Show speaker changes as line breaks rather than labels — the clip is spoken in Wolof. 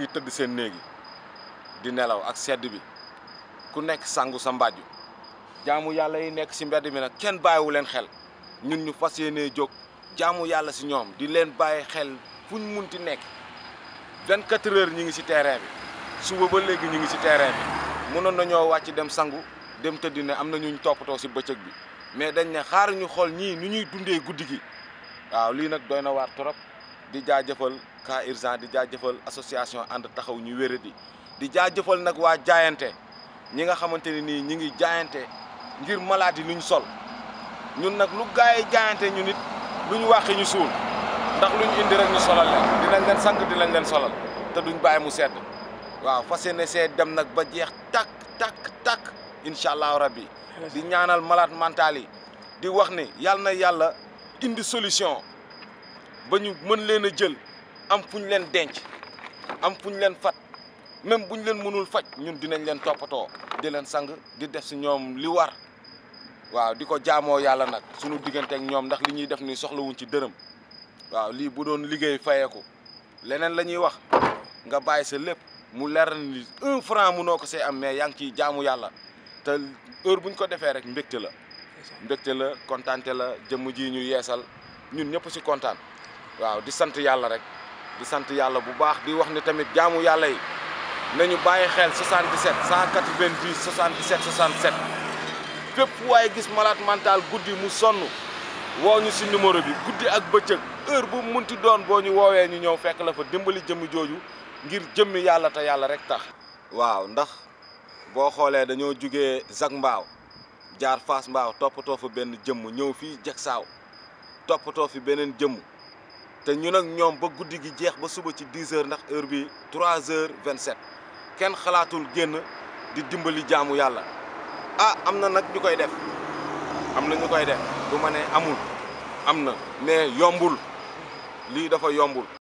ñuy tedd sen neegi di nelaw ak sedd bi ku nek sangu sa mbaju jaamu yalla yi nek ci mbedd mi nak ken bàyyiwu leen xel ñun ñu fasiyene jog jaamu yalla si ñoom di len baye xel fuñ ñu nek 24 heures ñi ngi si terrain bi suba ba legi ñi ngi si terrain bi mënon nañu wacc dem sangu dem tedd ne amna na ñu toppatoo si beccëk bi mais dañ ne xaar ñu xol ñi ñuy dundé guddigi waaw li nak doyna na torop di jaajeufal ka urgent di jaajeufal association and taxaw ñu wéradi di jaajeufal nak wa jaayante ñi nga xamanteni ni ñi ngi jaayante ngir maladie luñ sol ñun nak lu gaay jaayante ñu nit luñ waxi ñu suul ndax luñ indi rek ñu solal leen dinañ leen sang di lañ leen solal te duñ baye mu sedd waaw fas yéene dem nak ba jeex tak tak tak inshallah rabbi di ñaanal malade mentali di wax ni yalna Yalla, indi solution ba ñu mën leena jël am fuñ leen denc am fuñ leen fat même buñ leen mënul fajj ñun dinañ leen topato di leen sang di def ci ñom li war waaw di ko yalla nak suñu nyom, ak ñom ndax li ñuy def ni wuñ ci dërëm waaw li bu doon liggéey fayeeku leneen lañuy wax nga bayyi sa lepp mu lér ni 1 franc munoo ko sey am mais yaa ci jaamu yalla te heure buñ ko défé rek mbékté la mbékté la contenté la jëm ji ñu yéssal ñun ñëpp ci waaw di sant yàlla rek di sant yàlla bu baax di wax ni tamit jaamu yàlla yi ñu bàyyi xel 77 190 77 67 fépp waaye gis malaat mental guddi mu sonn woo ñu si numéro bi guddi ak bëccëg heure bu mënti doon boo ñu woowee ñu ñëw fekk la fa dimbali jëmm jooju ngir jëmmi yàlla te yàlla rek tax waaw ndax boo xoolee dañoo jugee Zac mbaaw jaar fas mbaaw toppatoo fa benn jëmm ñëw fii jeg saaw toppatoo fi beneen jëmm te ñu nag ñoom ba guddi gi jeex ba suba ci 10 heures ndax heure bi 3 heures 27 kenn xalaatul génn di dimbali jaamu yàlla ah am na nag ñu koy def am na ñu koy def du ma ne amul am na mais yombul lii dafa yombul